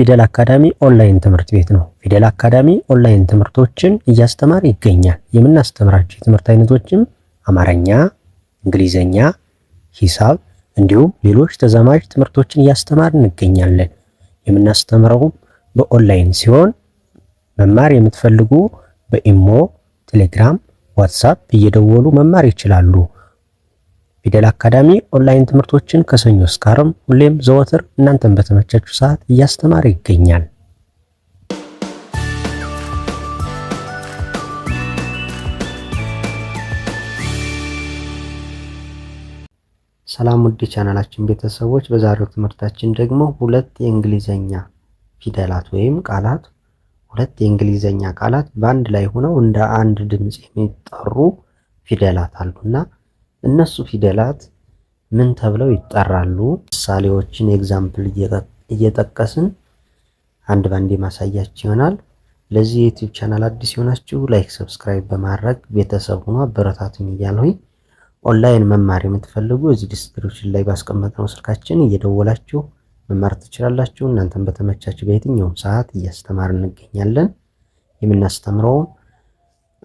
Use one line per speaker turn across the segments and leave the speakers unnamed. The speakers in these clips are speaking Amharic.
ፊደል አካዳሚ ኦንላይን ትምህርት ቤት ነው። ፊደል አካዳሚ ኦንላይን ትምህርቶችን እያስተማር ይገኛል። የምናስተምራቸው የትምህርት አይነቶችም አማርኛ፣ እንግሊዘኛ፣ ሂሳብ እንዲሁም ሌሎች ተዛማጅ ትምህርቶችን እያስተማር እንገኛለን። የምናስተምረውም በኦንላይን ሲሆን መማር የምትፈልጉ በኢሞ፣ ቴሌግራም፣ ዋትሳፕ እየደወሉ መማር ይችላሉ። ፊደል አካዳሚ ኦንላይን ትምህርቶችን ከሰኞ እስከ ዓርብ ሁሌም ዘወትር እናንተን በተመቻችሁ ሰዓት እያስተማረ ይገኛል።
ሰላም ውድ ቻናላችን ቤተሰቦች፣ በዛሬው ትምህርታችን ደግሞ ሁለት የእንግሊዘኛ ፊደላት ወይም ቃላት ሁለት የእንግሊዘኛ ቃላት በአንድ ላይ ሆነው እንደ አንድ ድምፅ የሚጠሩ ፊደላት አሉና እነሱ ፊደላት ምን ተብለው ይጠራሉ? ምሳሌዎችን ኤግዛምፕል እየጠቀስን አንድ ባንድ ማሳያችሁ ይሆናል። ለዚህ የዩቲዩብ ቻናል አዲስ የሆናችሁ ላይክ፣ ሰብስክራይብ በማድረግ ቤተሰብ ሆኖ አበረታቱኝ እያልሁኝ ኦንላይን መማር የምትፈልጉ እዚህ ዲስክሪፕሽን ላይ ባስቀመጥነው ስልካችን እየደወላችሁ መማር ትችላላችሁ። እናንተም በተመቻችሁ በየትኛውም ሰዓት እያስተማር እንገኛለን። የምናስተምረውም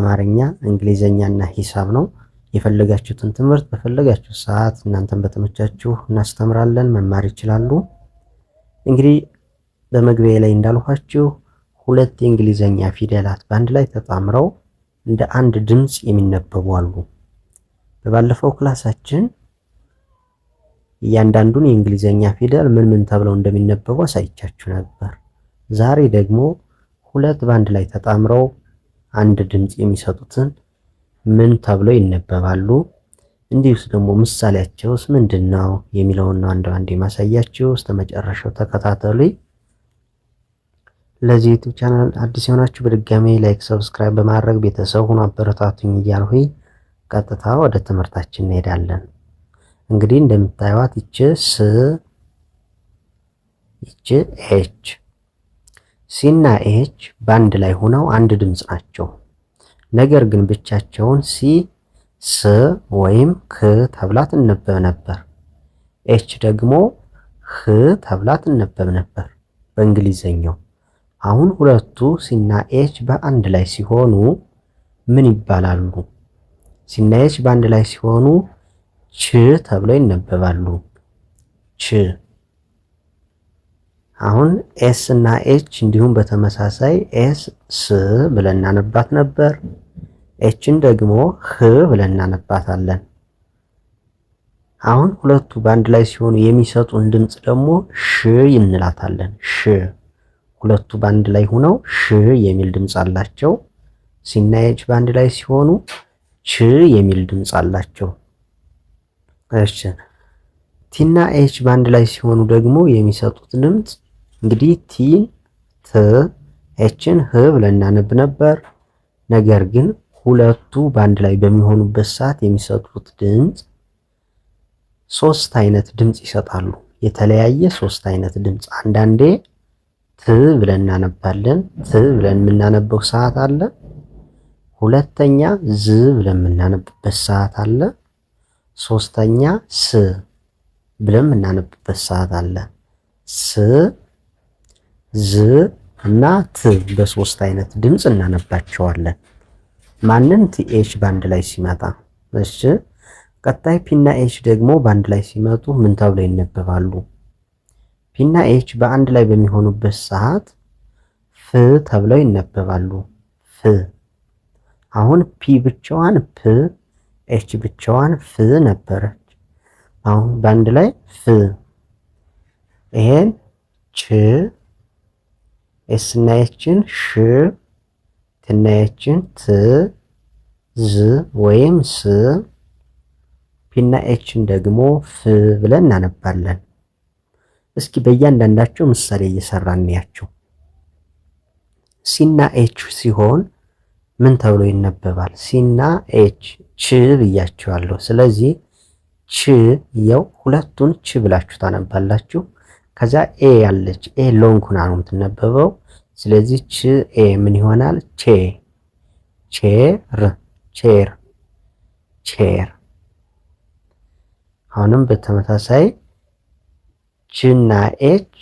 አማርኛ፣ እንግሊዘኛ እና ሂሳብ ነው። የፈለጋችሁትን ትምህርት በፈለጋችሁ ሰዓት እናንተን በተመቻችሁ እናስተምራለን፣ መማር ይችላሉ። እንግዲህ በመግቢያ ላይ እንዳልኋችሁ ሁለት የእንግሊዘኛ ፊደላት በአንድ ላይ ተጣምረው እንደ አንድ ድምፅ የሚነበቡ አሉ። በባለፈው ክላሳችን እያንዳንዱን የእንግሊዘኛ ፊደል ምን ምን ተብለው እንደሚነበቡ አሳይቻችሁ ነበር። ዛሬ ደግሞ ሁለት በአንድ ላይ ተጣምረው አንድ ድምፅ የሚሰጡትን ምን ተብለው ይነበባሉ? እንዲሁስ ደግሞ ምሳሌያቸውስ ምንድን ነው የሚለውን ነው አንድ አንድ የማሳያችሁ። እስከ መጨረሻው ተከታተሉኝ። ለዚህ ዩቲዩብ ቻናል አዲስ የሆናችሁ በድጋሚ ላይክ፣ ሰብስክራይብ በማድረግ ቤተሰብ ሁኑ፣ አበረታቱኝ እያልሁኝ ቀጥታ ወደ ትምህርታችን እንሄዳለን። እንግዲህ እንደምታዩት ይች ስ ይች ኤች ሲና ኤች በአንድ ላይ ሆነው አንድ ድምፅ ናቸው። ነገር ግን ብቻቸውን ሲ ስ ወይም ክ ተብላ ትነበብ ነበር። ኤች ደግሞ ህ ተብላ ትነበብ ነበር በእንግሊዘኛው። አሁን ሁለቱ ሲና ኤች በአንድ ላይ ሲሆኑ ምን ይባላሉ? ሲና ኤች በአንድ ላይ ሲሆኑ ች ተብለው ይነበባሉ። ች አሁን ኤስ እና ኤች እንዲሁም በተመሳሳይ ኤስ ስ ብለን እናነባት ነበር። ኤችን ደግሞ ህ ብለን እናነባታለን። አሁን ሁለቱ በአንድ ላይ ሲሆኑ የሚሰጡን ድምፅ ደግሞ ሽ እንላታለን። ሽ ሁለቱ በአንድ ላይ ሆነው ሽ የሚል ድምፅ አላቸው። ሲና ኤች በአንድ ላይ ሲሆኑ ች የሚል ድምፅ አላቸው። እሺ ቲና ኤች በአንድ ላይ ሲሆኑ ደግሞ የሚሰጡት ድምፅ እንግዲህ ቲን ት ኤችን ህ ብለን እናነብ ነበር። ነገር ግን ሁለቱ በአንድ ላይ በሚሆኑበት ሰዓት የሚሰጡት ድምፅ ሶስት አይነት ድምፅ ይሰጣሉ። የተለያየ ሶስት አይነት ድምፅ። አንዳንዴ ት ብለን እናነባለን። ት ብለን የምናነበው ሰዓት አለ። ሁለተኛ ዝ ብለን የምናነብበት ሰዓት አለ። ሶስተኛ ስ ብለን የምናነብበት ሰዓት አለ። ስ ዝ እና ት በሶስት አይነት ድምፅ እናነባቸዋለን። ማንም ቲኤች በአንድ ላይ ሲመጣ እሺ። ቀጣይ ፒና ኤች ደግሞ በአንድ ላይ ሲመጡ ምን ተብለው ይነበባሉ? ፒና ኤች በአንድ ላይ በሚሆኑበት ሰዓት ፍ ተብለው ይነበባሉ። ፍ አሁን ፒ ብቻዋን ፕ፣ ኤች ብቻዋን ፍ ነበረች። አሁን በአንድ ላይ ፍ ይሄን ች ኤስ ሽ ትናየችን ት ዝ ወይም ስ ፒና ኤችን ደግሞ ፍ ብለን እናነባለን። እስኪ በእያንዳንዳቸው ምሳሌ እየሰራ እንያቸው። ሲና ኤች ሲሆን ምን ተብሎ ይነበባል? ሲና ኤች ች ብያችኋለሁ። ስለዚህ ች የው ሁለቱን ች ብላችሁ ታነባላችሁ። ከዛ ኤ ያለች ኤ ሎንግ ሁና ነው የምትነበበው። ስለዚህ ች ኤ ምን ይሆናል? ቼ ቼር ቼር ቼር። አሁንም በተመሳሳይ ችና እና ኤች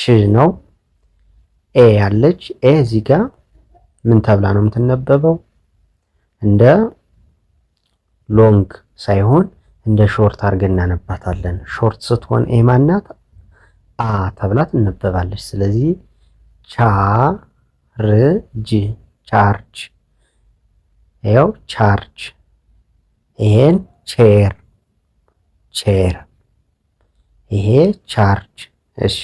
ች ነው። ኤ ያለች ኤ እዚህ ጋር ምን ተብላ ነው የምትነበበው? እንደ ሎንግ ሳይሆን እንደ ሾርት አድርገን እናነባታለን። ሾርት ስትሆን ኤ ማናት አ ተብላ ትነበባለች። ስለዚህ ጅ ቻርጅ፣ ያው ቻርጅ። ይሄን ቼር ቼር፣ ይሄ ቻርጅ። እሺ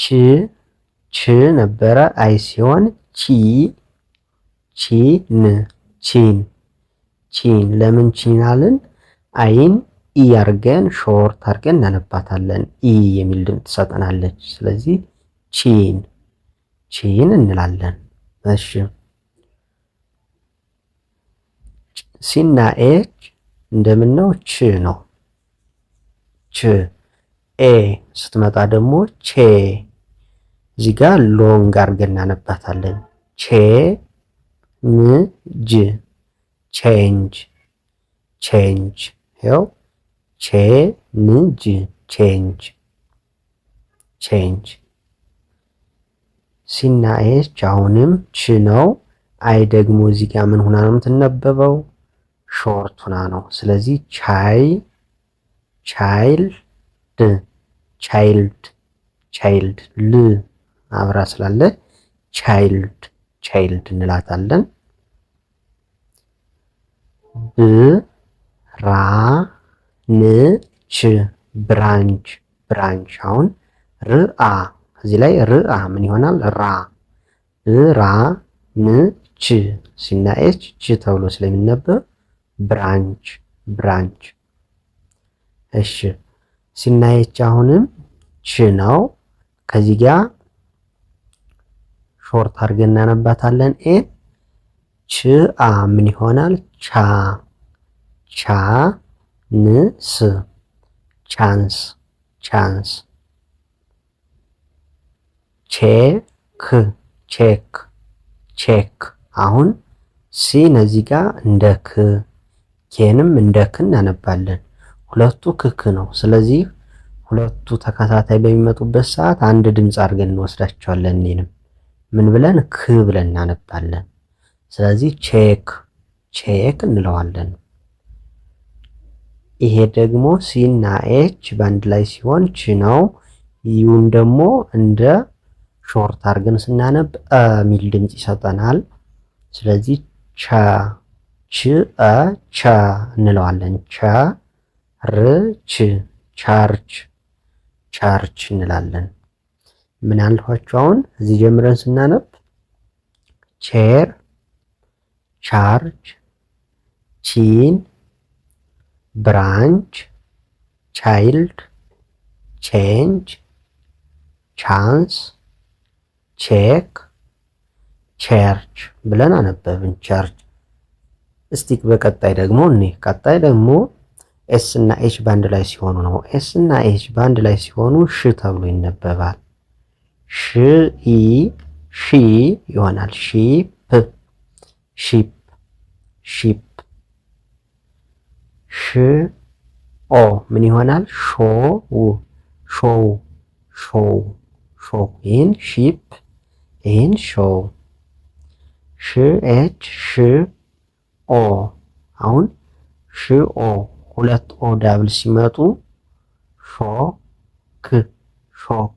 ቺ ቺ ነበረ አይ ሲሆን ቺ ቺን ቺን ቺን ለምን ቺን አልን? አይን ኢ አርገን ሾርት አርገን እናነባታለን። ኢ የሚል ድምፅ ትሰጠናለች። ስለዚህ ቺን ቺን እንላለን። እሺ ሲና ኤች እንደምን ነው? ች ነው። ች ኤ ስትመጣ ደግሞ ቼ እዚህ ጋር ሎንግ አርገን እናነባታለን። ቼ ም ጅ ቼንጅ ቼንጅ ይኸው ቼንጅ ቼንጅ ቼንጅ ሲና አሁንም ች ነው። አይ ደግሞ እዚህ ጋር ምን ሁና ነው የምትነበበው? ሾርት ሁና ነው። ስለዚህ ቻይ ቻይልድ ቻይልድ ቻይልድ ል አብራ ስላለ ቻይልድ ቻይልድ እንላታለን። ብራ ንች ብራንች ብራንች። አሁን ርአ እዚህ ላይ ርአ ምን ይሆናል? ራ ብራ ንች ሲና ች ተብሎ ስለሚነበብ ብራንች ብራንች። እሺ ሲናየች አሁንም ች ነው። ከዚህ ጋር ሾርት አድርገን እናነባታለን ኤን ች አ ምን ይሆናል? ቻ ቻ ን ስ ቻንስ ቻንስ ቼክ ቼክ ቼክ አሁን ሲ እዚህ ጋር እንደ ክ ኬንም እንደ ክ እናነባለን። ሁለቱ ክክ ነው። ስለዚህ ሁለቱ ተከታታይ በሚመጡበት ሰዓት አንድ ድምፅ አድርገን እንወስዳቸዋለን። እኔንም ምን ብለን ክ ብለን እናነባለን። ስለዚህ ቼክ ቼክ እንለዋለን። ይሄ ደግሞ ሲ እና ኤች በአንድ ላይ ሲሆን ች ነው። ዩን ደግሞ እንደ ሾርት አርገን ስናነብ ሚል ድምጽ ይሰጠናል። ስለዚህ ቸ ች አ ቸ እንለዋለን። ቸ ር ች ቻርች ቻርች እንላለን። ምን አልኳችሁ? አሁን እዚህ ጀምረን ስናነብ ቼር ቻርጅ ቺን ብራንች ቻይልድ ቼንጅ ቻንስ ቼክ ቸርች ብለን አነበብን። ቸርች እስቲክ በቀጣይ ደግሞ እኔ ቀጣይ ደግሞ ኤስ እና ኤች ባንድ ላይ ሲሆኑ ነው። ኤስ እና ኤች ባንድ ላይ ሲሆኑ ሽ ተብሎ ይነበባል። ሺ ሺ ይሆናል። ሺ ሺፕ ሺፕ ሽ ኦ ምን ይሆናል? ሾው ሾው ሾው ሾው ይህን ሺፕ ይህን ሾው ሽ ኤች ሽ ኦ አሁን ሽ ኦ ሁለት ኦ ዳብል ሲመጡ ሾክ ሾክ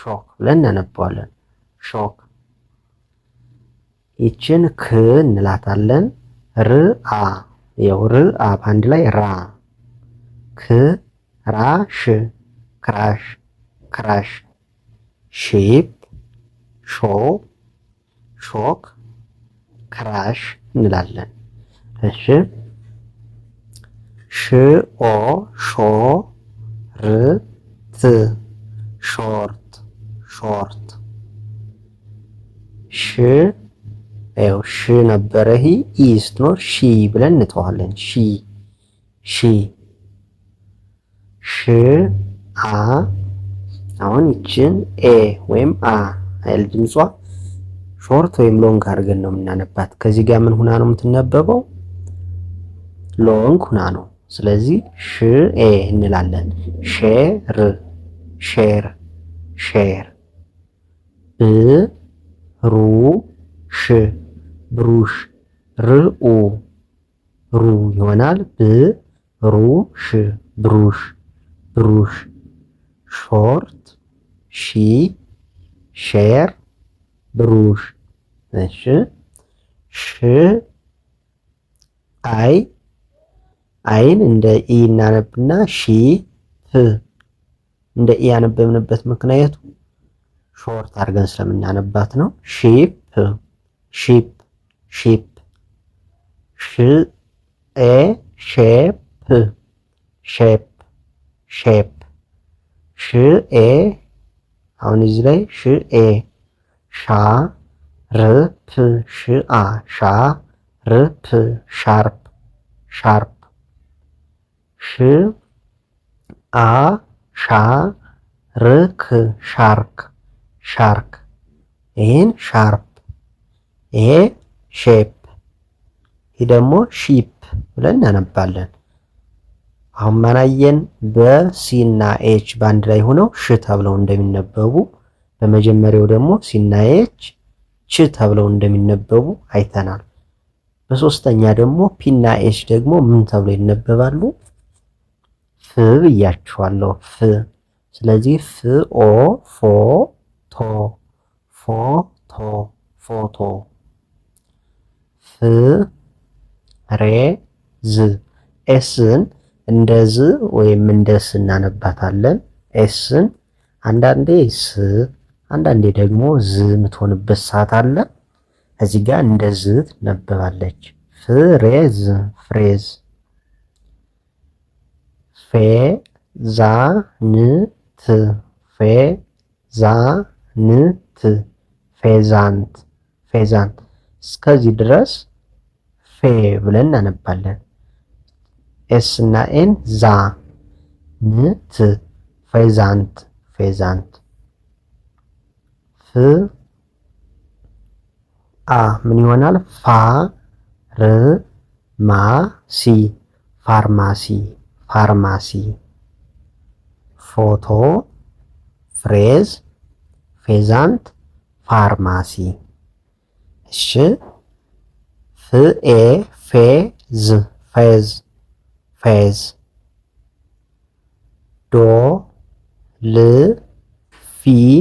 ሾክ ብለን እናነባዋለን። ሾክ ይችን ክ እንላታለን። ርአ ያው ርአ በአንድ ላይ ራ ክ ራሽ ክራሽ ክራሽ ሺፕ ሾ ሾክ ክራሽ እንላለን። እሺ ሽኦ ሾ ርት ሾርት ሾርት ሽ ያው ሽ ነበረ ሂ ኢ ስትኖር ሺ ብለን እንተዋለን። ሺ ሺ ሽ አ አሁን ይችን ኤ ወይም አ አይል ድምጿ ሾርት ወይም ሎንግ አድርገን ነው የምናነባት። ከዚህ ጋር ምን ሁና ነው የምትነበበው? ሎንግ ሁና ነው። ስለዚህ ሽ ኤ እንላለን። ሼር ሼር ሼር ብሩ ሽ ብሩሽ ርኡ ሩ ይሆናል። ብ ሽ ብሩሽ ብሩሽ ሾርት ሺ ሼር ብሩሽ እሺ ሽ አይ አይን እንደ ኢ እናነብና ሺ ፍ እንደ ኢ ያነበብንበት ምክንያቱ ሾርት አድርገን ስለምናነባት ነው። ሺፕ ሺፕ ሺፕ ሽ ኤ ሼፕ ሼፕ ሼፕ ሽ ኤ አሁን እዚህ ላይ ሽ ኤ ሻ ርፕ ሽአ ሻ ርፕ ሻርፕ ሻርፕ ሽ አ ሻ ርክ ሻርክ ሻርክ ይህን ሻርፕ ይሄ ሼፕ፣ ይህ ደግሞ ሺፕ ብለን እናነባለን። አሁን ማናየን በሲ እና ኤች በአንድ ላይ ሆነው ሽ ተብለው እንደሚነበቡ በመጀመሪያው ደግሞ ሲና ኤች ች ተብለው እንደሚነበቡ አይተናል። በሶስተኛ ደግሞ ፒና ኤች ደግሞ ምን ተብለው ይነበባሉ? ፍ ብያችኋለሁ። ፍ ስለዚህ ፍ ኦ ፎ ቶ ፎ ቶ ፎቶ ሬ ዝ ኤስን እንደ ዝ ወይም እንደ ስ እናነባታለን። ኤስን አንዳንዴ ስ አንዳንዴ ደግሞ ዝ የምትሆንበት ሰዓት አለ። እዚህ ጋር እንደ ዝ ትነበባለች። ፍሬዝ ፍሬዝ ፌዛንት ፌዛንት ፌዛንት ፌዛንት እስከዚህ ድረስ ፌ ብለን እናነባለን። ኤስ እና ኤን ዛ ን ፌዛንት ፌዛንት ፍ አ ምን ይሆናል? ፋ ር ማ ሲ ፋርማሲ ፋርማሲ ፎቶ ፍሬዝ ፌዛንት ፋርማሲ እሺ ፍኤ ፌዝ ፌዝ ፌዝ ዶ ል ፊን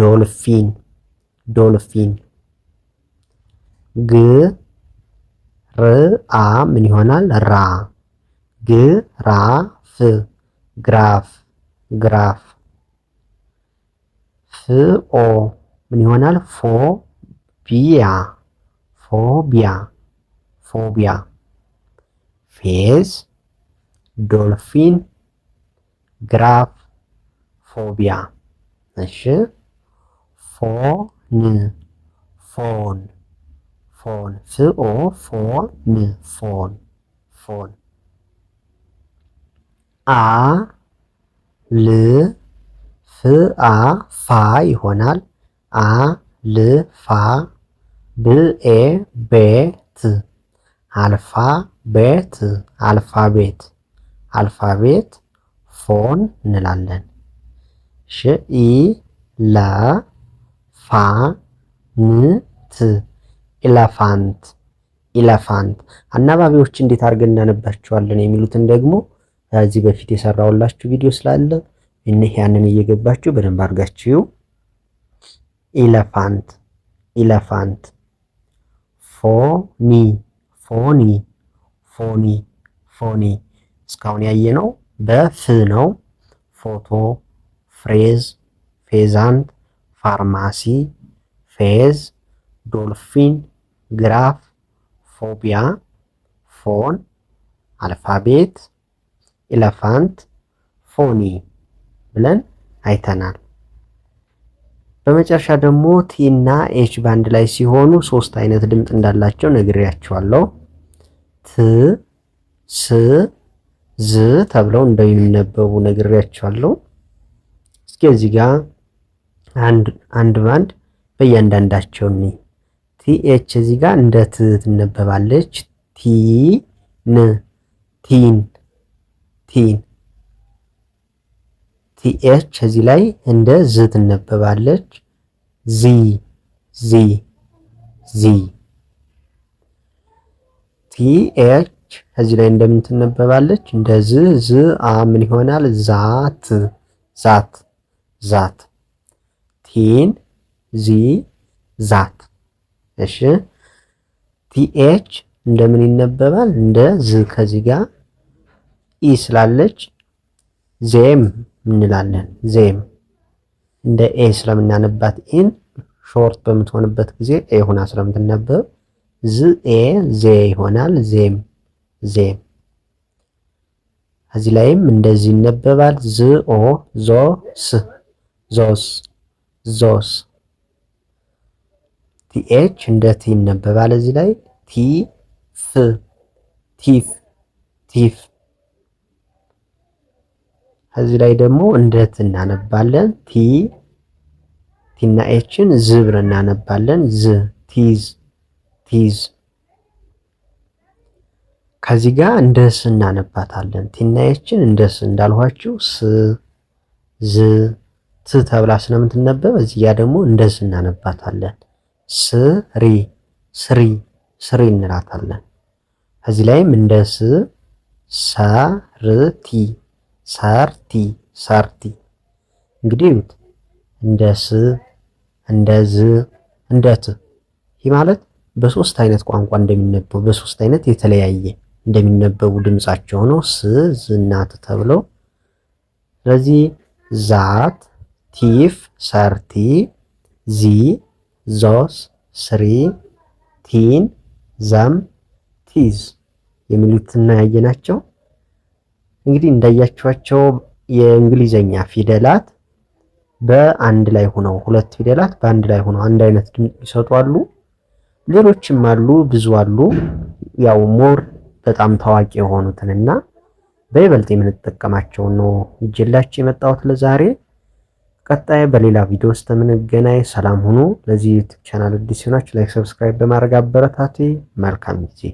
ዶልፊን ዶልፊን ግ ርአ ምን ይሆናል? ራ ግ ራ ግራፍ ግራፍ ግራፍ ፍኦ ምን ይሆናል? ፎ ቢያ ፎቢያ ፎቢያ ፌዝ ዶልፊን ግራፍ ፎቢያ። እሺ ፎን ፎን ፎን ፍኦ ፎን ፎን ፎን አ ል ፍ አ ፋ ይሆናል። አ ል ፋ ብኤ ቤት አልፋ ቤት አልፋቤት አልፋቤት ፎን እንላለን። ሽኢ ለ ፋ ን ት ኢለፋንት ኢለፋንት አናባቢዎች እንዴት አድርገን እናነባቸዋለን የሚሉትን ደግሞ ከዚህ በፊት የሰራውላችሁ ቪዲዮ ስላለ እነህ ያንን እየገባችሁ በደንብ አድርጋችሁ ኢለፋንት ኢለፋንት ፎኒ ፎኒ ፎኒ ፎኒ እስካሁን ያየነው በፍ ነው። ፎቶ፣ ፍሬዝ፣ ፌዛንት፣ ፋርማሲ፣ ፌዝ፣ ዶልፊን፣ ግራፍ፣ ፎቢያ፣ ፎን፣ አልፋቤት፣ ኤለፋንት ፎኒ ብለን አይተናል። በመጨረሻ ደግሞ ቲ እና ኤች ባንድ ላይ ሲሆኑ ሶስት አይነት ድምፅ እንዳላቸው ነግሬያቸዋለሁ። ት፣ ስ፣ ዝ ተብለው እንደሚነበቡ ነግሬያቸዋለሁ። እስኪ እዚህ ጋር አንድ ባንድ በእያንዳንዳቸው ኒ ቲ ኤች እዚህ ጋር እንደ ት ትነበባለች። ቲ ን ቲን ቲን ቲኤች እዚህ ላይ እንደ ዝ ትነበባለች። ዚ ዚ ዚ ቲኤች እዚህ ላይ ትነበባለች? እንደ ዝ ዝ አ ምን ይሆናል? ዛት ዛት ዛት ቲን ዚ ዛት። እሺ ቲኤች እንደምን ይነበባል? እንደ ዝ ከዚህ ጋር ኢ ስላለች ዜም እንላለን። ዜም እንደ ኤ ስለምናነባት ኢን ሾርት በምትሆንበት ጊዜ ኤ ሆና ስለምትነበብ ዝ ኤ ዜ ይሆናል። ዜም ዜም። እዚህ ላይም እንደዚህ ይነበባል። ዝ ኦ ዞ ስ ዞስ ዞስ። ቲኤች እንደ ቲ ይነበባል። እዚህ ላይ ቲ ፍ ቲፍ ቲፍ ከዚህ ላይ ደግሞ እንደት እናነባለን። ቲ ቲና ኤችን ዝ እናነባለን። ዝ ቲዝ ቲዝ። ከዚህ ጋር እንደስ እናነባታለን። ቲና ኤችን እንደስ እንዳልኋችሁ ስ ዝ ት ተብላ ስለምትነበብ እዚህ ጋር ደግሞ እንደስ እናነባታለን። ስሪ ስሪ ስሪ እንላታለን። ከዚህ ላይም እንደስ ሳርቲ ሳርቲ ሳርቲ እንግዲህ ይሁት እንደ ስ እንደ ዝ እንደ ት ይህ ማለት በሶስት አይነት ቋንቋ እንደሚነበቡ በሶስት አይነት የተለያየ እንደሚነበቡ ድምጻቸው ነው። ስ ዝናት ተብለው ስለዚህ ዛት ቲፍ ሰርቲ ዚ ዞስ ስሪ ቲን ዘም ቲዝ የሚሉትና ያየናቸው እንግዲህ እንዳያችኋቸው የእንግሊዘኛ ፊደላት በአንድ ላይ ሆነው ሁለት ፊደላት በአንድ ላይ ሆነው አንድ አይነት ድምፅ ይሰጡ አሉ። ሌሎችም አሉ፣ ብዙ አሉ። ያው ሞር በጣም ታዋቂ የሆኑትንና በይበልጥ የምንጠቀማቸውን ነው ይዤላችሁ የመጣሁት ለዛሬ። ቀጣይ በሌላ ቪዲዮ ውስጥ የምንገናኝ። ሰላም ሁኑ። ለዚህ ቻናል አዲስ ሲሆናችሁ ላይክ፣ ሰብስክራይብ በማድረግ አበረታቱ። መልካም ጊዜ